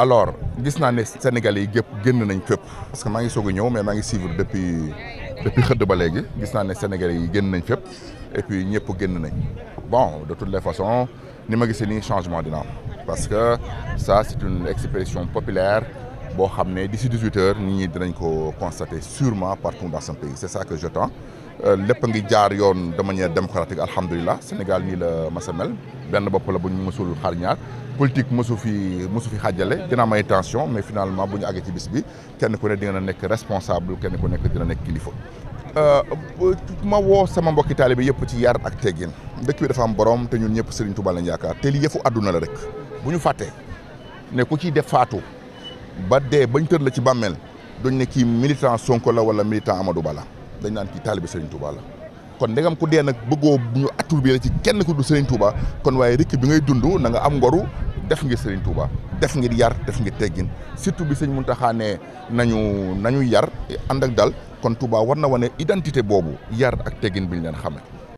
alors gis naa ne Sénégalais yi gépp génn nañ fépp parce que maa ngi soog ñëw mais maa ngi suivre depuis depuis xëdd ba léegi gis naa ne Sénégalais yi génn nañ fépp et puis ñëpp génn nañ bon de toutes les façons ni ma gisee nii changement dina am parce que ça c'est une expression populaire boo xam ne di 18 heures nit ñi dinañ ko constater sûrement partout dans ce pays c'est ça que j'attends lépp ngi jaar yoon de manière démocratique alhamdulilah Sénégal nii la mas a benn bopp la bu ñu mësul xaar ñaar politique mësu fi mësu fi xaajale dina am ay mais finalement bu ñu àggee ci bis kenn ku ne dina nekk responsable kenn ku nekk dina nekk kilifa. Euh, ma woo sama mbokki taalibe yëpp ci yar ak teggin dëkk bi dafa am borom te ñun ñëpp Serigne Touba lañ yaakaar te li yëfu àdduna rek bu ñu fàttee ne ku ciy def faatu ba dee bañ tër la ci bàmmeel duñ ne kii militant Sonko wala militant Amadou Ba la dañ naan kii taalibe Serigne Touba la kon ndegam ku dee nag bëggoo ñu atul bi la ci kenn ku du Serigne Touba kon waaye rikk bi ngay dund nanga am ngoru def ngir Serigne Touba def ngir yar def ngir teggin surtout bi sëñ Muntaxa ne nañu nañu yar ànd ak dal kon Touba war na wane identité boobu yar ak teggin bi ñu leen xame